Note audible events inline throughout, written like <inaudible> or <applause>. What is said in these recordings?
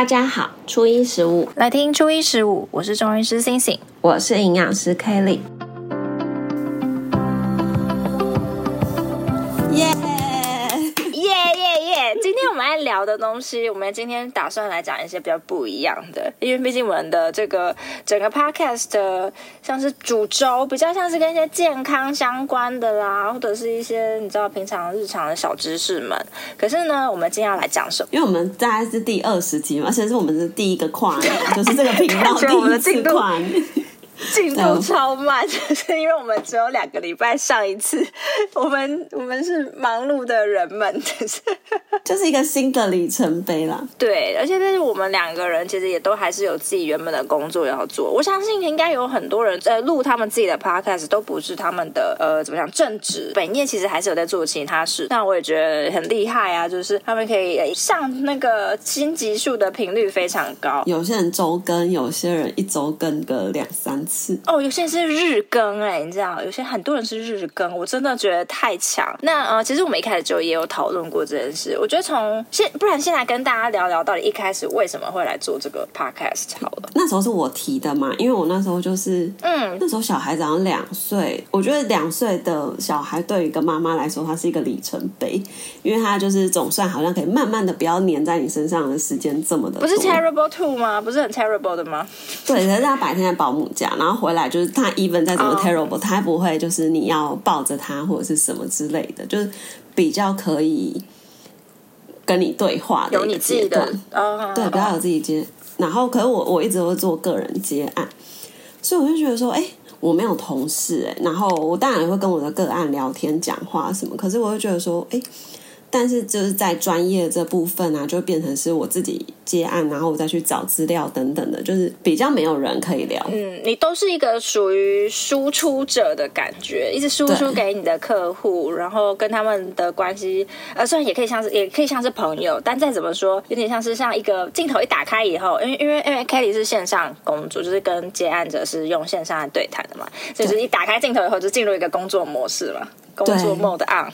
大家好，初一十五，來聽初醫食伍。我是中醫師 CinCin，我是營養師 Kelly。好的東西，我們今天打算來講一些比較不一樣的，因為畢竟我們的這個整個 Podcast 的，像是煮粥，比較像是跟一些健康相關的啦，或者是一些你知道平常日常的小知識們。可是呢，我們今天要來講什麼？因為我們大概是第二十集嘛，而且是我們是第一個跨年， <laughs> 就是這個頻道第一次跨年。 <laughs> 進度超慢，哦、是因為我們只有兩個禮拜上一次。我們我們是忙碌的人們，但是這、就是一個新的里程碑啦。對，而且但是我們兩個人其實也都還是有自己原本的工作要做。我相信應該有很多人在錄他們自己的 podcast，都不是他們的呃怎麼講正職本業，其實還是有在做其他事。那我也覺得很厲害啊，就是他們可以上那個新集數的頻率非常高。有些人週更，有些人一週更個兩三。哦，oh, 有些人是日更，哎、欸，你知道，有些很多人是日更，我真的覺得太強。那呃，其實我們一開始就也有討論過這件事。我覺得從現，不然現在跟大家聊聊，到底一開始為什麼會來做這個 podcast 好了。那時候是我提的嘛，因為我那時候就是，嗯，那時候小孩長有兩歲，我覺得兩歲的小孩對於一個媽媽來說，她是一個里程碑，因為她就是總算好像可以慢慢的不要黏在你身上的時間這麼的多。不是 terrible two 嗎？不是很 terrible 的嗎？對，人家白天在保姆家。 <laughs> 然後回來就是他，even 再怎麼 terrible，、oh. 他不會就是你要抱着他或者是什麼之類的，就是比較可以跟你對話的一個階段，oh. 對，比較有自己接。然後，可是我我一直會做個人接案，所以我就覺得說，哎、欸，我沒有同事、欸，哎，然後我當然也會跟我的個案聊天、講話什麼，可是我就覺得說，哎、欸。但是就是在專業這部分啊，就變成是我自己接案，然後我再去找資料等等的，就是比較沒有人可以聊。嗯，你都是一個屬於輸出者的感覺，一直輸出給你的客戶，然後跟他們的關係，呃，雖然也可以像是也可以像是朋友，但再怎麼說，有點像是像一個鏡頭一打開以後，因為因為因為 Kelly 是線上工作，就是跟接案者是用線上來對談的嘛，所以就是一打開鏡頭以後就進入一個工作模式了。對，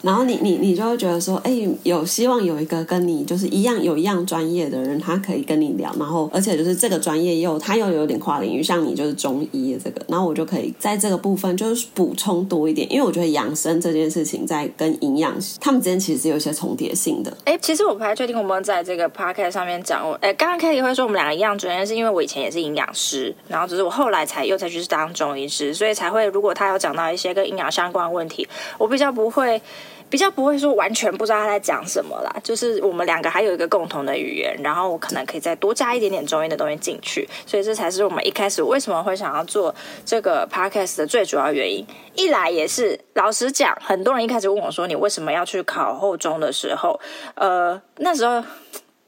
然後你你你就會覺得說，哎，有希望有一個跟你就是一樣有一樣專業的人，他可以跟你聊，然後而且就是這個專業又他又有點跨領域，像你就是中醫的這個，然後我就可以在這個部分就是補充多一點，因為我覺得養生這件事情在跟營養師他們之間其實是有一些重疊性的。哎，其實我不太確定我們在這個 Podcast 上面講我，哎，剛剛 Kelly 也會說我們兩個一樣專業，是因為我以前也是營養師，然後只是我後來才又才去當中醫師，所以才會如果他有講到一些跟營養相關的問題，我。比較不會，比較不會說完全不知道他在講什麼啦。就是我們兩個還有一個共同的語言，然後我可能可以再多加一點點中醫的東西進去，所以這才是我們一開始為什麼會想要做這個 podcast 的最主要原因。一來也是，老實講，很多人一開始問我說，你為什麼要去考後中的時候，呃，那時候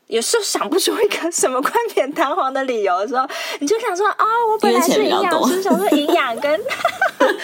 有時候想不出一個什麼冠冕堂皇的理由的時候，你就想說啊、哦，我本來是營養師，想說營養跟。 <laughs>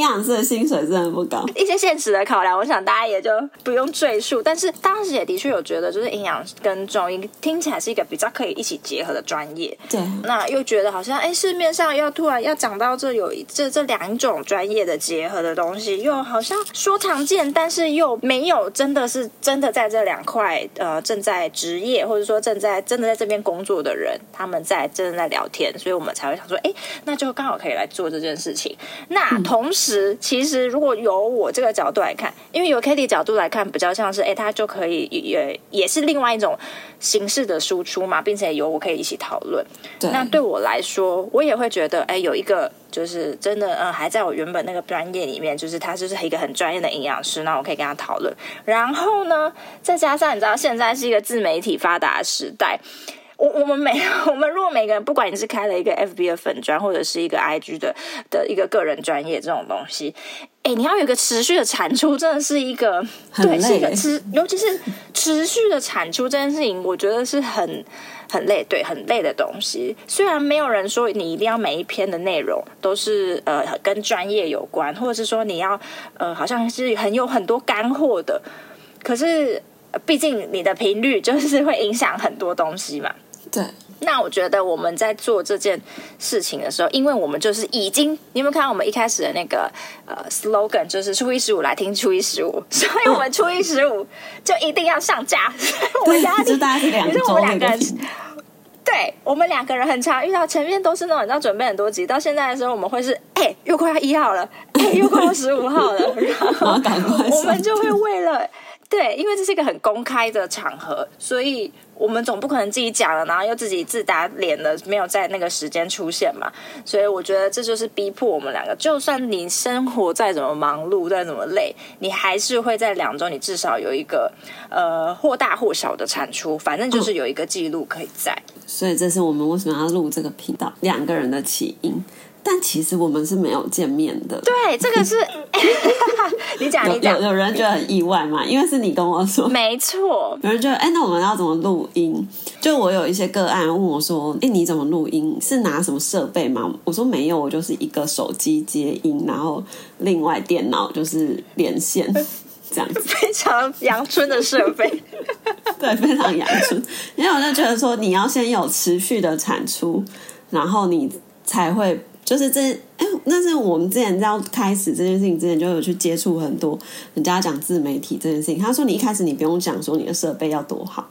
營養師的薪水真的不高，一些現實的考量，我想大家也就不用贅述。但是當時也的確有覺得，就是營養跟中醫聽起來是一個比較可以一起結合的專業。對，那又覺得好像，哎、欸，市面上要突然要講到這有這這兩種專業的結合的東西，又好像說常見，但是又沒有真的是真的在這兩塊呃正在職業，或者說正在真的在這邊工作的人，他們在真的在聊天，所以我們才會想說，哎、欸，那就剛好可以來做這件事情。那同時。嗯其實，如果由我這個角度來看，因為由 Kelly 角度來看，比較像是哎、欸，他就可以也也是另外一種形式的輸出嘛，並且由我可以一起討論。那對我來說，我也會覺得哎、欸，有一個就是真的嗯，還在我原本那個專業裡面，就是他就是一個很專業的營養師，那我可以跟他討論。然後呢，再加上你知道現在是一個自媒體發達的時代。我我們每我們如果每個人，不管你是開了一個 FB 的粉專或者是一個 IG 的的一個個人專業這種東西，哎，你要有個持續的產出，真的是一個對，是一個持，尤其是持續的產出這件事情，我覺得是很很累，對，很累的東西。雖然沒有人說你一定要每一篇的內容都是呃跟專業有關，或者是說你要呃好像是很有很多乾貨的，可是，呃，畢竟你的頻率就是會影響很多東西嘛。對，那我覺得我們在做這件事情的時候，因為我們就是已經，你有沒有看到我們一開始的那個呃 slogan，就是初一十五來聽初一十五，所以我們初一十五就一定要上架。哦、 <laughs> 我，家就我們家是兩，其實我們兩個人，對，我們兩個人很常，遇到前面都是那種，你知道準備很多集，到現在的時候，我們會是哎、欸，又快要一號了，哎、 <laughs> 欸，又快要十五號了，然後趕快，我們就會為了。對，因為這是一個很公開的場合，所以我們總不可能自己講了，然後又自己自打臉了，沒有在那個時間出現嘛。所以我覺得這就是逼迫我們兩個，就算你生活再怎麼忙碌，再怎麼累，你還是會在兩周，你至少有一個呃或大或小的產出，反正就是有一個記錄可以在。哦，所以這是我們為什麼要錄這個頻道，兩個人的起因。但其實我們是沒有見面的。對，這個是，欸、 <laughs> 你講一講，有人覺得很意外嘛？因為是你跟我說，沒錯。有人覺得，哎、欸，那我們要怎麼錄音？就我有一些個案問我說，哎、欸，你怎麼錄音？是拿什麼設備嗎？我說沒有，我就是一個手機接音，然後另外電腦就是連線這樣子。 <laughs> 非常陽春的設備， <laughs> 對，非常陽春。因為我就覺得說，你要先有持續的產出，然後你才會。就是這，哎、欸，那是我們之前在開始這件事情之前就有去接觸很多人家講自媒體這件事情。他說你一開始你不用講說你的設備要多好，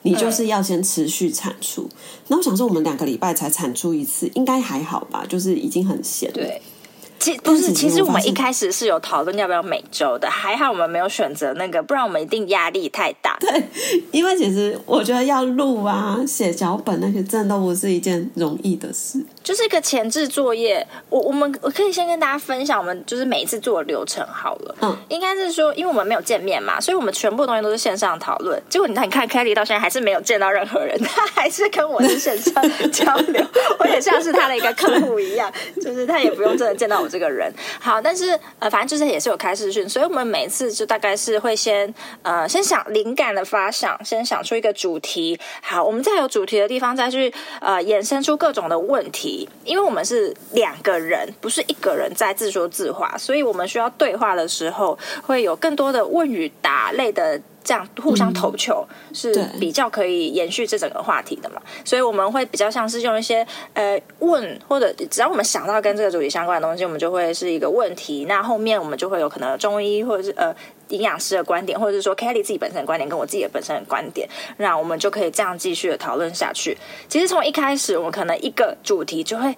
你就是要先持續產出。那我想說我們兩個禮拜才產出一次，應該還好吧？就是已經很閒。對。其實不是，其實我們一開始是有討論要不要每周的，還好我們沒有選擇那個，不然我們一定壓力太大。對，因為其實我覺得要錄啊、寫、嗯、腳本那些，真的都不是一件容易的事，就是一個前置作業。我我們我可以先跟大家分享，我們就是每一次做的流程好了。嗯，應該是說，因為我們沒有見面嘛，所以我們全部的東西都是線上討論。結果你看，看 Kelly 到現在還是沒有見到任何人，他還是跟我是線上交流， <laughs> 我也像是他的一個客戶一樣， <laughs> 就是他也不用真的見到我。這個人好，但是呃，反正就是也是有開視訊，所以我們每一次就大概是會先呃，先想靈感的發想，先想出一個主題。好，我們在有主題的地方再去呃，衍生出各種的問題，因為我們是兩個人，不是一個人在自說自話，所以我們需要對話的時候，會有更多的問與答類的。這樣互相投球，嗯、是比較可以延續這整個話題的嘛，所以我們會比較像是用一些呃問，或者只要我們想到跟這個主題相關的東西，我們就會是一個問題。那後面我們就會有可能中醫或者是呃營養師的觀點，或者是說 Kelly 自己本身的觀點，跟我自己的本身的觀點，那我們就可以這樣繼續的討論下去。其實從一開始，我們可能一個主題就會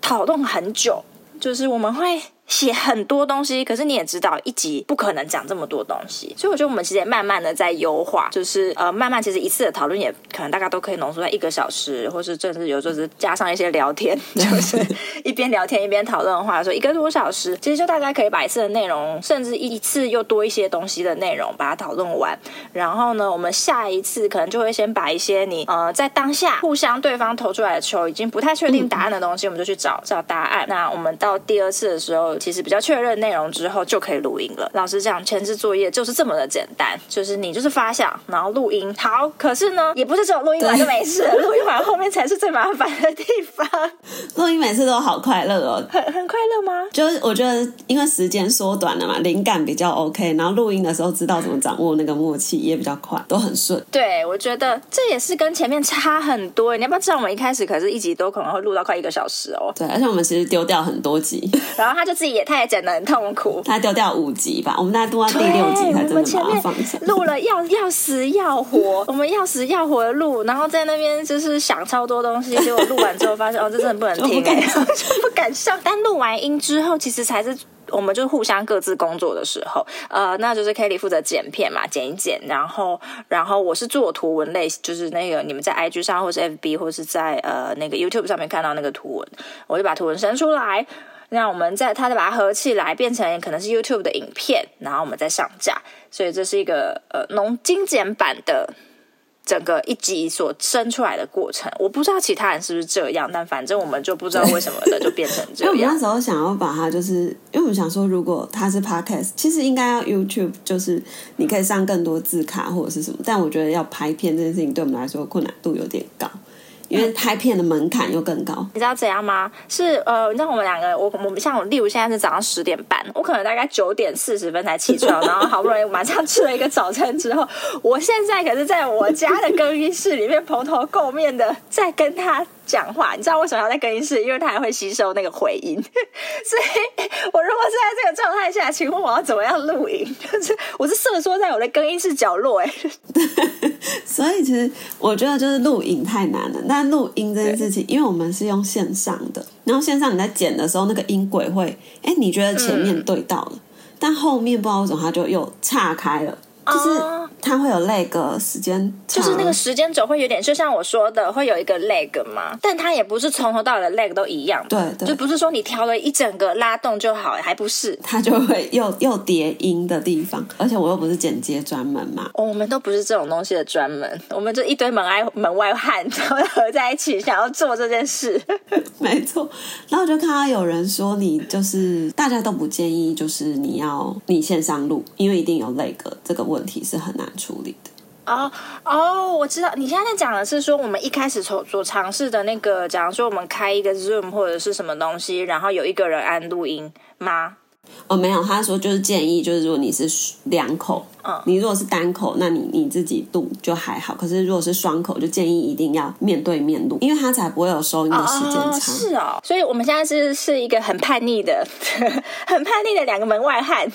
討論很久，就是我們會。寫很多東西，可是你也知道一集不可能講這麼多東西，所以我覺得我們其實也慢慢的在優化，就是呃慢慢其實一次的討論也可能大家都可以濃縮在一個小時，或是甚至有就是加上一些聊天，就是 <laughs> 一邊聊天一邊討論的話，說一個多小時，其實就大家可以把一次的內容，甚至一次又多一些東西的內容把它討論完，然後呢，我們下一次可能就會先把一些你呃在當下互相對方投出來的球已經不太確定答案的東西，嗯嗯我們就去找找答案，那我們到第二次的時候。其實比較確認內容之後就可以錄音了。老實講，前置作業就是這麼的簡單，就是你就是發想，然後錄音。好，可是呢，也不是這種錄音完就沒事，錄音完後面才是最麻煩的地方。 <laughs> 錄音每次都好快樂哦，很很快樂嗎？就是我覺得，因為時間縮短了嘛，靈感比較 OK，然後錄音的時候知道怎麼掌握那個默契也比較快，都很順。對，我覺得這也是跟前面差很多。你要不要知道我們一開始可是一集都可能會錄到快一個小時哦？對，而且我們其實丟掉很多集， <laughs> 然後他就自己。也太簡單很痛苦，他丟掉五集吧，我們大家都到第六集才真的把它放上，我們前面錄了要要死要活， <laughs> 我們要死要活的錄，然後在那邊就是想超多東西，結果錄完之後發現 <laughs> 哦，這真的不能聽、欸、不敢上。 <laughs> 但錄完音之後，其實才是我們就互相各自工作的時候。呃，那就是 Kelly 負責剪片嘛，剪一剪，然後然後我是做圖文類，就是那個你們在 IG 上或是 FB 或是在呃那個 YouTube 上面看到那個圖文，我就把圖文伸出來。讓我們在，他就把它合起來，變成可能是 YouTube 的影片，然後我們再上架。所以這是一個呃，濃精簡版的整個一集所生出來的過程。我不知道其他人是不是這樣，但反正我們就不知道為什麼的，就變成這樣。因為我 <laughs> 們那時候想要把它，就是因為我們想說，如果它是 Podcast，其實應該要 YouTube，就是你可以上更多字卡或者是什麼。但我覺得要拍片這件事情，對我們來說困難度有點高。因為拍片的門檻又更高，你知道怎樣嗎？是呃，你知道我們兩個，我我，我，我們像我，例如現在是早上十點半，我可能大概九點四十分才起床， <laughs> 然後好不容易馬上吃了一個早餐之後，我現在可是在我家的更衣室裡面蓬頭垢面的在跟他。講話，你知道為什麼要在更衣室？因為它還會吸收那個回音，所以我如果是在這個狀態下，請問我要怎麼樣錄音？就是我是瑟縮在我的更衣室角落，欸，哎，所以其實我覺得就是錄音太難了。但錄音這件事情，因為我們是用線上的，然後線上你在剪的時候，那個音軌會，哎，你覺得前面對到了，嗯、但後面不知道為什麼它就又岔開了，就是。哦它會有 lag 時間，就是那個時間軸會有點，就像我說的，會有一個 lag 嘛，但它也不是從頭到尾的 lag 都一樣，對，對，就不是說你調了一整個拉動就好，還不是，它就會又又疊音的地方，而且我又不是剪接專門嘛、哦，我們都不是這種東西的專門，我們就一堆門外門外漢，然後合在一起想要做這件事，沒錯。然後我就看到有人說，你就是大家都不建議，就是你要你線上錄，因為一定有 lag 這個問題是很難。處理的哦哦，oh, oh, 我知道你現在講的是說，我們一開始所，所嘗試的那個，假如說我們開一個 Zoom 或者是什麼東西，然後有一個人按錄音嗎？哦、oh，沒有，他說就是建議，就是如果你是兩口。你如果是單口，那你你自己錄就還好。可是如果是雙口，就建議一定要面對面錄，因為它才不會有收音的時間差、哦。是哦，所以我們現在是是一個很叛逆的、很叛逆的兩個門外漢。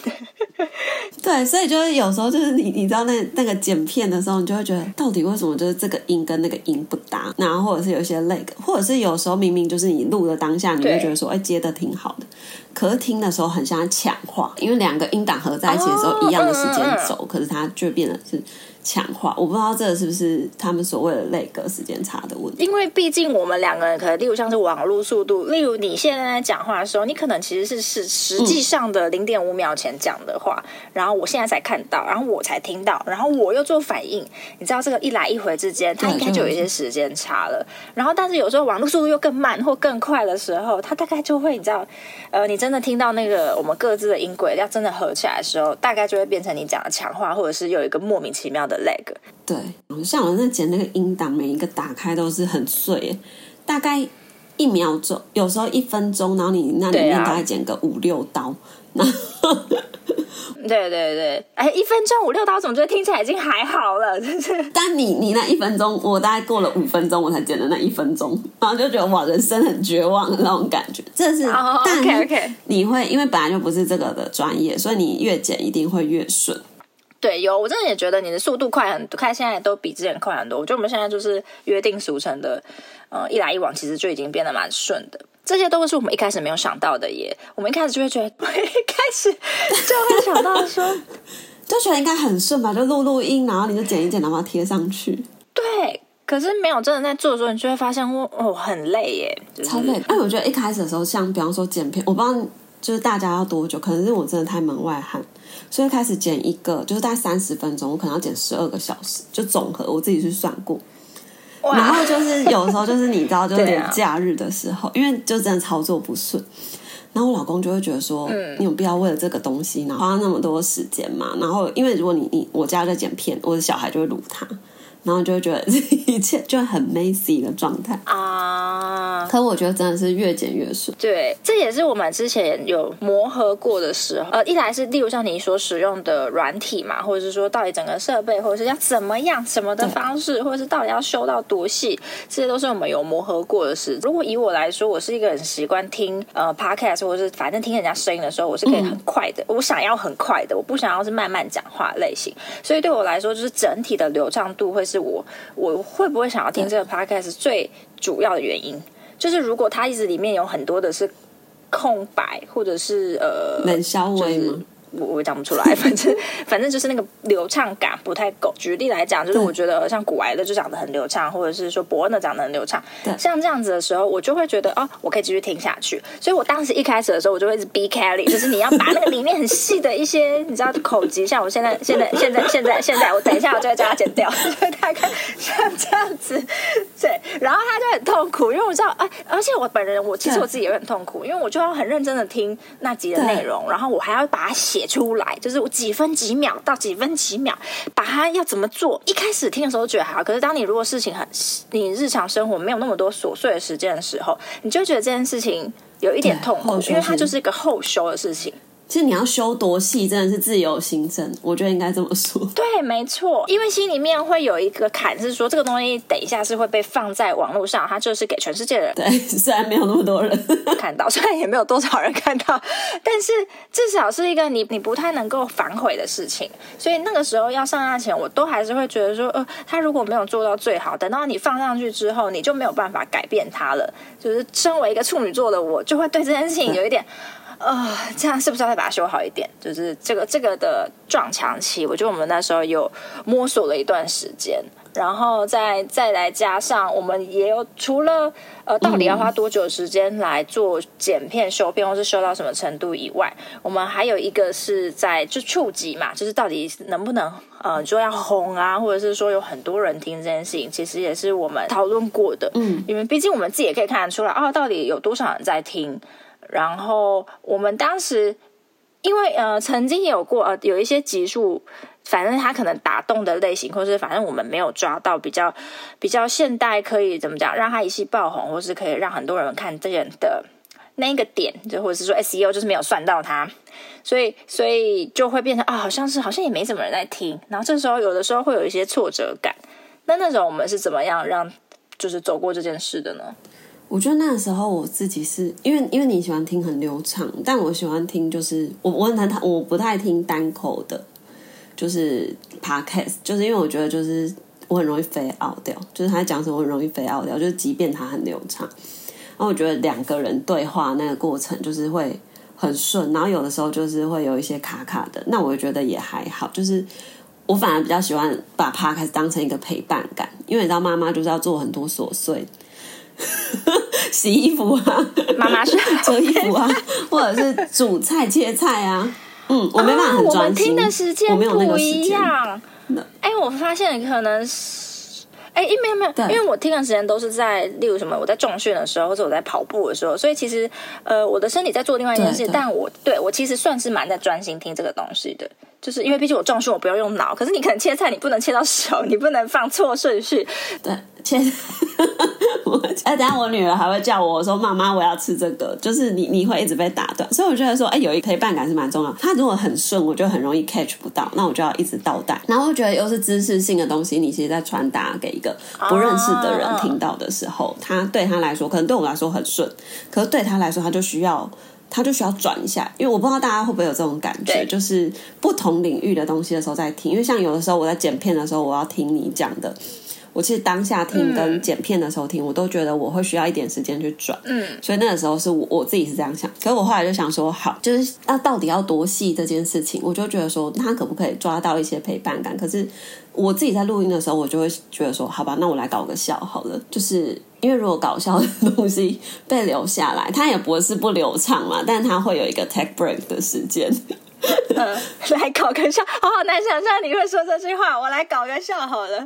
對，所以就是有時候就是你你知道那那個剪片的時候，你就會覺得到底為什麼就是這個音跟那個音不搭？然後或者是有一些 lag，或者是有時候明明就是你錄的當下，你會覺得說哎、欸、接的挺好的，可是聽的時候很像要搶話，因為兩個音檔合在一起的時候一樣的時間走。哦嗯嗯可是，他就變得是。強化，我不知道這個是不是他們所謂的那個時間差的問題。因為畢竟我們兩個人可能，例如像是網絡速度，例如你現在在講話的時候，你可能其實是是實際上的零點五秒前講的話，嗯，然後我現在才看到，然後我才聽到，然後我又做反應，你知道這個一來一回之間，它應該就有一些時間差了。然後，但是有時候網絡速度又更慢或更快的時候，它大概就會你知道，呃，你真的聽到那個我們各自的音軌要真的合起來的時候，大概就會變成你講的強化，或者是有一個莫名其妙的。對，像我在剪那個音檔，每一個打開都是很碎，大概一秒鐘，有時候一分鐘，然後你那裡面大概剪個五六刀，然後對，啊、 <laughs> 對對對，哎、欸，一分鐘五六刀，總覺得聽起來已經還好了，但你你那一分鐘，我大概過了五分鐘我才剪了那一分鐘，然後就覺得哇，人生很絕望的那種感覺，真是，oh, okay, okay. 但你，你會因為本來就不是這個的專業，所以你越剪一定會越順。對，有，我真的也覺得你的速度快很多，看現在都比之前快很多。我覺得我們現在就是約定俗成的，嗯、呃，一來一往其實就已經變得蠻順的。這些都是我們一開始沒有想到的耶，我們一開始就會覺得，我一開始就會想到說， <laughs> 就覺得應該很順吧，就錄錄音，然後你就剪一剪，然後貼上去。對，可是沒有真的在做的時候，你就會發現，哦，很累耶，超、就是、累。但、啊、我覺得一開始的時候，像比方說剪片，我幫就是大家要多久？可能是我真的太門外漢，所以開始剪一個就是大概三十分鐘，我可能要剪十二個小時，就總和我自己去算過。然後就是有時候就是你知道，就是假日的時候、 <laughs> 啊，因為就真的操作不順，然後我老公就會覺得說，嗯、你有必要為了這個東西然後花那麼多時間嘛？然後因為如果你你我家在剪片，我的小孩就會盧他。然後就會覺得這一切就很 messy 的狀態啊。Uh, 可我覺得真的是越剪越順。對，這也是我們之前有磨合過的時候。呃，一來是例如像你所使用的軟體嘛，或者是說到底整個設備，或者是要怎麼樣什麼的方式，或者是到底要修到多細，這些都是我們有磨合過的事。如果以我來說，我是一個很習慣聽呃 podcast 或者是反正聽人家聲音的時候，我是可以很快的，嗯、我想要很快的，我不想要是慢慢講話類型。所以對我來說，就是整體的流暢度會是。我，我會不會想要聽這個 Podcast？最主要的原因就是，如果它一直裡面有很多的是空白，或者是呃，冷笑話嗎？就是我我講不出來，反正反正就是那個流暢感不太夠。舉例來講，就是我覺得像古白的就講得很流暢，或者是說博恩的講得很流暢，對，像這樣子的時候，我就會覺得哦，我可以繼續聽下去。所以我當時一開始的時候，我就會一直逼 Kelly，就是你要把那個裡面很細的一些， <laughs> 你知道口級，像我現在現在現在現在現在，我等一下我就會將它剪掉，因 <laughs> 為大概像這樣子。然後他就很痛苦，因為我知道，哎，而且我本人，我其實我自己也會很痛苦，因為我就要很認真的聽那集的內容，然後我還要把它寫出來，就是我幾分幾秒到幾分幾秒，把它要怎麼做。一開始聽的時候覺得還好，可是當你如果事情很，你日常生活沒有那麼多瑣碎的時間的時候，你就會覺得這件事情有一點痛苦，因為它就是一個後修的事情。其實你要修多細，真的是自由心證，我覺得應該這麼說。對，沒錯，因為心裡面會有一個坎，是說這個東西等一下是會被放在網絡上，它就是給全世界的人。對，雖然沒有那麼多人 <laughs> 看到，雖然也沒有多少人看到，但是至少是一個你你不太能夠反悔的事情。所以那個時候要上架前，我都還是會覺得說，呃，他如果沒有做到最好，等到你放上去之後，你就沒有辦法改變它了。就是身為一個處女座的我，就會對這件事情有一點。呃，這樣是不是要再把它修好一點？就是這個這個的撞牆期，我覺得我們那時候有摸索了一段時間，然後再再來加上，我們也有除了呃，到底要花多久時間來做剪片、修片，或是修到什麼程度以外，我們還有一個是在就觸及嘛，就是到底能不能呃，說要紅啊，或者是說有很多人聽這件事情，其實也是我們討論過的。嗯，因為畢竟我們自己也可以看得出來啊，到底有多少人在聽。然後我們當時，因為呃曾經有過呃有一些集數，反正他可能打動的類型，或是反正我們沒有抓到比較比較現代可以怎麼講，讓他一氣爆紅，或是可以讓很多人看這人的那個點，就或者是說 SEO 就是沒有算到他，所以所以就會變成啊、哦、好像是好像也沒什麼人在聽，然後這時候有的時候會有一些挫折感。那那時候我們是怎麼樣讓就是走過這件事的呢？我覺得那時候我自己是因為因為你喜歡聽很流暢，但我喜歡聽就是我我很他我不太聽單口的，就是 podcast。就是因為我覺得就是我很容易 fade out 掉，就是他在講什麼很容易 fade out 掉，就是即便他很流暢。然後我覺得兩個人對話那個過程就是會很順，然後有的時候就是會有一些卡卡的，那我覺得也還好，就是我反而比較喜歡把 podcast 當成一個陪伴感，因為你知道媽媽就是要做很多瑣碎。 <laughs> 洗衣服啊，媽媽是做 <laughs> 衣服啊，或者是煮菜切菜啊。嗯， <laughs> 哦、我沒辦法很專心。我們聽的時間不一樣。哎，我發現可能，哎，因為沒有沒有，因為我聽的時間都是在，例如什麼，我在重訓的時候，或者我在跑步的時候，所以其實，呃，我的身體在做另外一件事，但我對我其實算是蠻在專心聽這個東西的。就是因為畢竟我撞順，我不用用腦。可是你可能切菜，你不能切到手，你不能放錯順序。對，切。哎、欸，等下我女兒還會叫我說，說媽媽，我要吃這個。就是你，你會一直被打斷，所以我覺得說，哎、欸，有一陪伴感是蠻重要的。她如果很順，我就很容易 catch 不到，那我就要一直倒帶。然後我覺得又是知識性的東西，你其實，在傳達給一個不認識的人聽到的時候，她、哦、對她來說，可能對我來說很順，可是對她來說，她就需要。他就需要轉一下，因為我不知道大家會不會有這種感覺，就是不同領域的東西的時候在聽，因為像有的時候我在剪片的時候，我要聽你講的。我其實當下聽跟剪片的時候聽、嗯，我都覺得我會需要一點時間去轉，嗯，所以那個時候是我我自己是這樣想。可是我後來就想說，好，就是那、啊、到底要多細這件事情，我就覺得說他可不可以抓到一些陪伴感？可是我自己在錄音的時候，我就會覺得說，好吧，那我來搞個笑好了，就是因為如果搞笑的東西被留下來，它也不是不流暢嘛，但是它會有一個 tech break 的時間，呃、來搞個笑，好好難想象你會說這句話，我來搞個笑好了。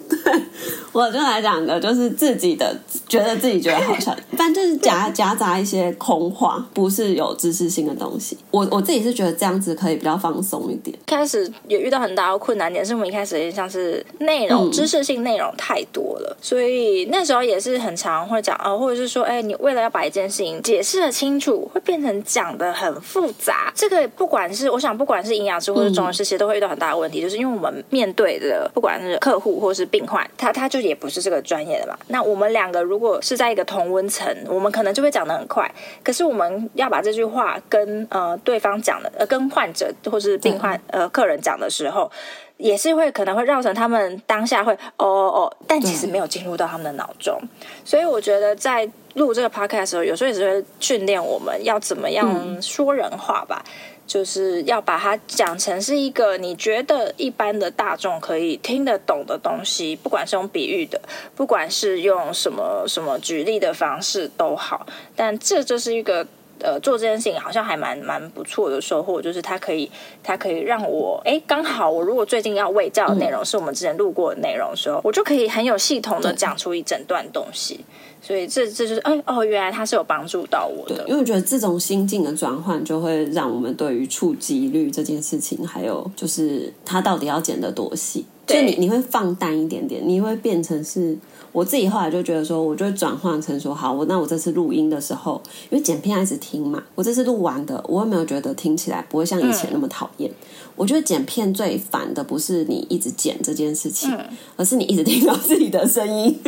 <laughs> 我就來講的，就是自己的，覺得自己覺得好像笑，反正就是夾夾雜一些空話，不是有知識性的東西。我我自己是覺得這樣子可以比較放鬆一點。開始也遇到很大的困難點，是我們一開始印象是內容、嗯、知識性內容太多了，所以那時候也是很常會講哦、啊，或者是說，哎、欸，你為了要把一件事情解釋的清楚，會變成講的很複雜。這個不管是我想，不管是營養師或者中醫師，其、嗯、實都會遇到很大的問題，就是因為我們面對的不管是客戶或是。病患，他他就也不是這個專業的嘛。那我們兩個如果是在一個同溫層，我們可能就會講得很快。可是我們要把這句話跟呃對方講的，呃跟患者或是病患呃客人講的時候，也是會可能會繞成他們當下會哦哦哦，但其實沒有進入到他們的腦中。嗯。所以我覺得在錄這個 podcast 的時候，有時候也是會訓練我們要怎麼樣說人話吧。嗯。就是要把它講成是一個你覺得一般的大眾可以聽得懂的東西，不管是用比喻的，不管是用什麼什麼舉例的方式都好。但這就是一個呃，做這件事情好像還蠻蠻不錯的收穫，就是它可以它可以讓我哎，剛好我如果最近要衛教的內容是我們之前錄過的內容的時候，我就可以很有系統的講出一整段東西。所以這這就是哎、嗯、哦，原來他是有幫助到我的。對，因為我覺得這種心境的轉換，就會讓我們對於觸及率這件事情，還有就是他到底要剪得多細，所以你你會放淡一點點，你會變成是。我自己後來就覺得說，我就會轉換成說，好，我那我這次錄音的時候，因為剪片一直聽嘛，我這次錄完的，我有沒有覺得聽起來不會像以前那麼討厭、嗯？我覺得剪片最煩的不是你一直剪這件事情，嗯、而是你一直聽到自己的聲音。 <laughs>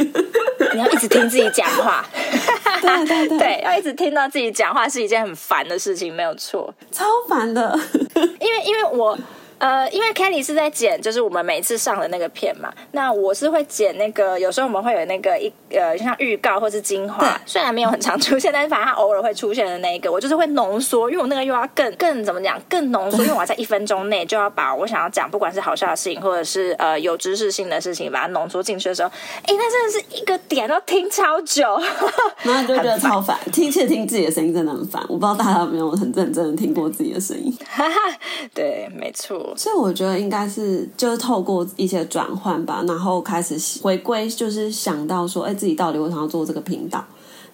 你要一直聽自己講話 <laughs> 對對對 <laughs> 對，對，對，對要一直聽到自己講話是一件很煩的事情，沒有錯，超煩的 <laughs> 因，因為因為我。呃，因為 Kelly 是在剪，就是我們每一次上的那個片嘛。那我是會剪那個，有時候我們會有那個一個呃，像預告或是精華，雖然沒有很常出現， <laughs> 但是反正它偶爾會出現的那個，我就是會濃縮，因為我那個又要更更怎麼講，更濃縮，因為我要在一分鐘內就要把我想要講，不管是好笑的事情，或者是呃有知識性的事情，把它濃縮進去的時候，哎、欸，那真的是一個點都聽超久， <laughs> 那真的超煩。聽卻聽自己的聲音真的很煩，我不知道大家有沒有很認真的聽過自己的聲音。哈哈，對，沒錯。所以我覺得應該是就是透過一些轉換吧，然後開始回歸，就是想到說，哎，自己到底為什麼要做這個頻道？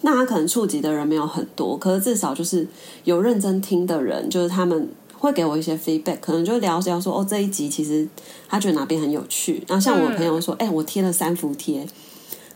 那他可能觸及的人沒有很多，可是至少就是有認真聽的人，就是他們會給我一些 feedback，可能就聊一聊說，哦，這一集其實他覺得哪邊很有趣。然後像我朋友說，哎，我貼了三伏貼，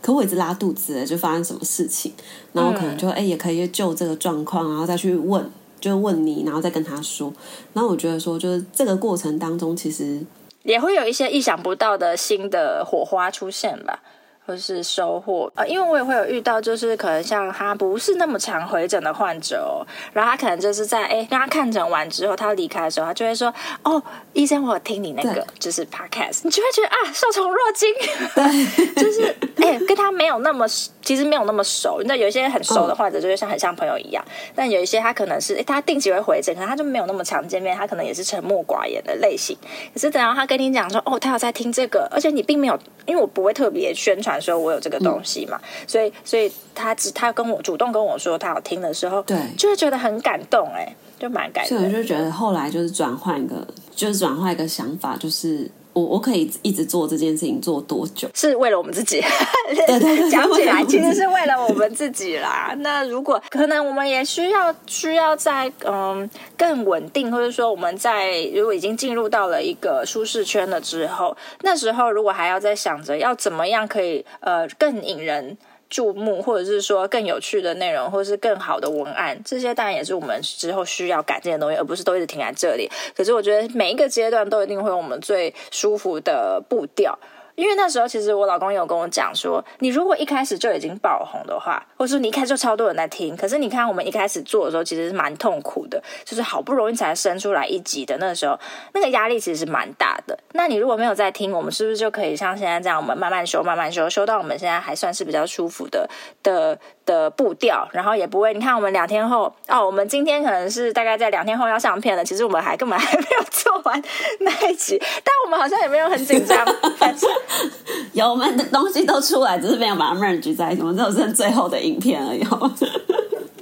可我一直拉肚子，就發生什麼事情？然後可能就，哎，也可以去就這個狀況，然後再去問。就問你，然後再跟他說。然後我覺得說，就是這個過程當中，其實也會有一些意想不到的新的火花出現吧。或是收穫，呃，因為我也會有遇到，就是可能像他不是那麼常回診的患者哦，然後他可能就是在哎、欸，跟他看診完之後，他離開的時候，他就會說，哦，醫生，我有聽你那個，就是 podcast，你就會覺得啊，受寵若驚，對， <laughs> 就是哎、欸，跟他沒有那麼，其實沒有那麼熟，那有一些很熟的患者，就會像很像朋友一樣，但有一些他可能是、欸、他定期會回診，可能他就沒有那麼常見面，他可能也是沉默寡言的類型，可是等到他跟你講說，哦，他有在聽這個，而且你並沒有，因為我不會特別宣傳。說我有這個東西嘛，嗯、所以，所以他他跟我主動跟我說他要聽的時候，對，就會覺得很感動、欸，哎，就蠻感動。所以我就覺得後來就是轉換一個，就是轉換一個想法，就是。我我可以一直做這件事情，做多久？是為了我們自己。對對對，講 <laughs> 起來其實是為了我們自己啦。 <laughs> 那如果可能，我們也需要需要在嗯，更穩定，或者說我們在如果已經進入到了一個舒適圈了之後，那時候如果還要再想着要怎麼樣可以呃更引人。注目，或者是說更有趣的內容，或是更好的文案，這些當然也是我們之後需要改進的東西，而不是都一直停在這裡。可是我覺得每一個階段都一定會有我們最舒服的步調。因為那時候其實我老公也有跟我講說，你如果一開始就已經爆紅的話，或者說你一開始就超多人在聽，可是你看我們一開始做的時候其實是蠻痛苦的，就是好不容易才生出來一集的那時候，那個壓力其實是蠻大的。那你如果沒有在聽，我們是不是就可以像現在這樣，我們慢慢修慢慢修，修到我們現在還算是比較舒服的的的步調，然後也不會你看我們兩天後哦，我們今天可能是大概在兩天後要上片了，其實我們還根本還沒有做完那一集，但我們好像也沒有很緊張，反正。 <laughs> 有，我們的東西都出來，只是沒有把它 merge 在一起，我們只有剩最後的影片而已哦。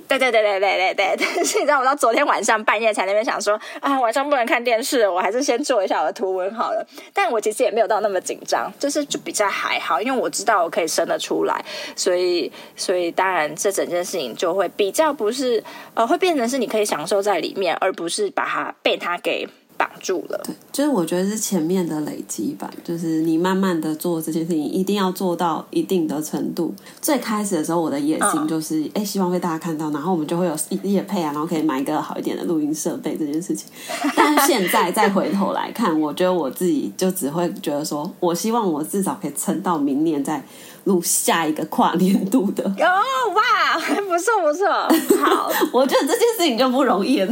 對 <laughs> 對對對對對對。你知道我到昨天晚上半夜才那邊想說，啊，晚上不能看電視了，我還是先做一下我的圖文好了。但我其實也沒有到那麼緊張，就是就比較還好，因為我知道我可以生得出來，所以所以當然這整件事情就會比較不是，呃，會變成是你可以享受在裡面，而不是把它被它給。擋住了，對，就是我覺得是前面的累積吧，就是你慢慢的做這件事情，一定要做到一定的程度。最開始的時候，我的野心就是，哎、嗯欸，希望被大家看到，然後我們就會有業配啊，然後可以買一個好一點的錄音設備這件事情。但是現在再回頭來看， <laughs> 我覺得我自己就只會覺得說，我希望我至少可以撐到明年再錄下一個跨年度的。有、哦、哇，不錯不錯，好， <laughs> 我覺得這件事情就不容易了，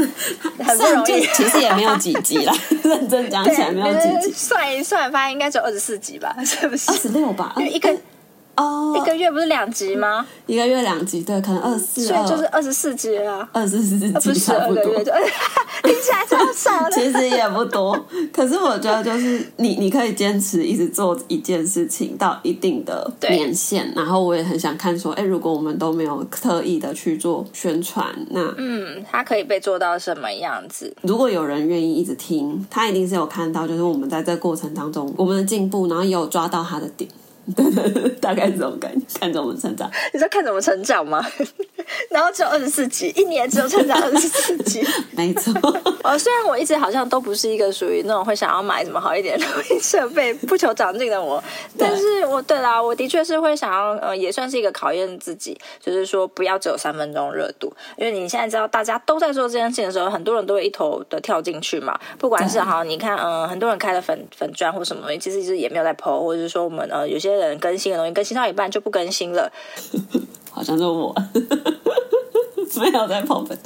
很不容易，其實也沒有幾。 <laughs> 了 <laughs> <laughs> 認真講講起來沒有幾集， <laughs> 算一算，發現應該只有二十四集吧？是不是二十六吧？ <laughs> 因為一個哦、oh，一個月不是兩集嗎？一個月兩集，對，可能二十四，所以就是二十四集了，二十四集差不多，不是個月， <laughs> 聽起來是少的。 <laughs> 其實也不多，可是我覺得就是你，你可以堅持一直做一件事情到一定的年限，對，然後我也很想看說，哎、欸，如果我們都沒有特意的去做宣傳，那嗯，它可以被做到什麼樣子？如果有人願意一直聽，他一定是有看到，就是我們在這個過程當中我們的進步，然後也有抓到他的點。 <laughs> 大概這種感覺，看着我們成長，你知道看着我們成長嗎？ <laughs> 然後只有二十四集，一年只有成長二十四集， <laughs> 沒錯。雖然我一直好像都不是一個屬於那種會想要買什麼好一點的設備、不求長進的我，但是我對啦，我的確是會想要，呃，也算是一個考驗自己，就是說不要只有三分鐘熱度，因為你現在知道大家都在做這件事情的時候，很多人都會一頭的跳進去嘛。不管是好，你看，嗯、呃，很多人開了粉粉專或什麼東西，其實其實也沒有在 PO，或者說我們呃有些。更新的東西，更新到一半就不更新了， <laughs> 好像是我。 <laughs> 沒要在跑分。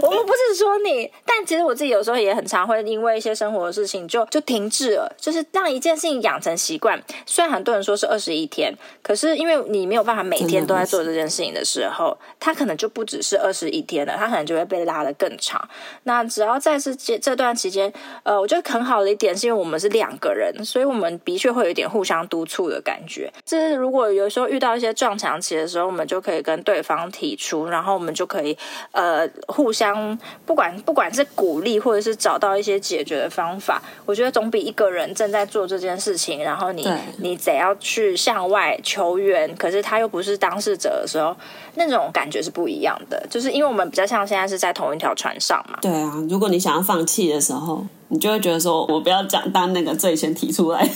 我們不是說你，但其實我自己有時候也很常會因為一些生活的事情就就停滯了。就是讓一件事情養成習慣，雖然很多人說是二十一天，可是因為你沒有辦法每天都在做這件事情的時候，它可能就不只是二十一天了，它可能就會被拉得更長。那只要在這段期間，呃，我覺得很好的一點是因為我們是兩個人，所以我們的確會有一點互相督促的感覺。就是如果有時候遇到一些撞牆期的時候，我們就可以跟對方提出，然後。然後我們就可以，呃，互相不管不管是鼓勵，或者是找到一些解決的方法，我覺得總比一個人正在做這件事情，然後你你得要去向外求援，可是他又不是當事者的時候，那種感覺是不一樣的。就是因為我們比較像現在是在同一條船上嘛。對啊，如果你想要放棄的時候。你就會覺得說，我不要講當那個最先提出來，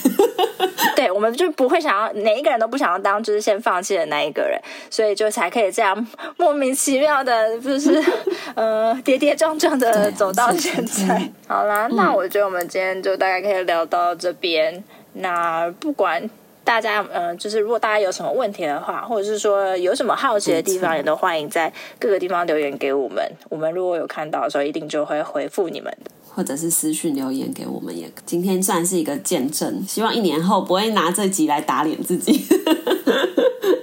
對，我們就不會想要哪一個人都不想要當，就是先放棄的那一個人，所以就才可以這樣莫名其妙的，就是呃跌跌撞撞的走到現在。好啦，那我覺得我們今天就大概可以聊到這邊。那不管。大家呃就是如果大家有什麼問題的話，或者是說有什麼好奇的地方，也都歡迎在各個地方留言給我們。我們如果有看到的時候，一定就會回復你們，或者是私訊留言給我們也。也今天算是一個見證，希望一年後不會拿這集來打臉自己。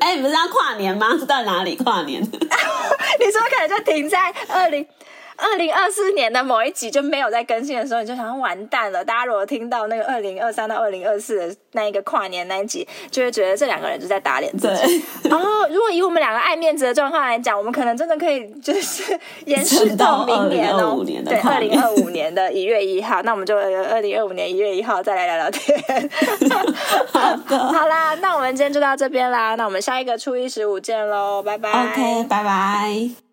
哎、 <laughs> 欸，你不是要跨年嗎？到哪裡跨年？ <laughs> <laughs> 你說可能就停在二零？二零二四年的某一集就沒有再更新的時候，你就想說完蛋了。大家如果聽到那個二零二三到二零二四的那一個跨年那一集，就會覺得這兩個人就在打臉自己。對。然後，如果以我們兩個愛面子的狀況來講，我們可能真的可以就是延遲到明年哦，二零二五年的二零二五年的一月一號，那我們就二零二五年一月一號再來聊聊天 <laughs> 好。好啦，那我們今天就到這邊啦。那我們下一個初一十五見嘍，拜拜。OK，拜拜。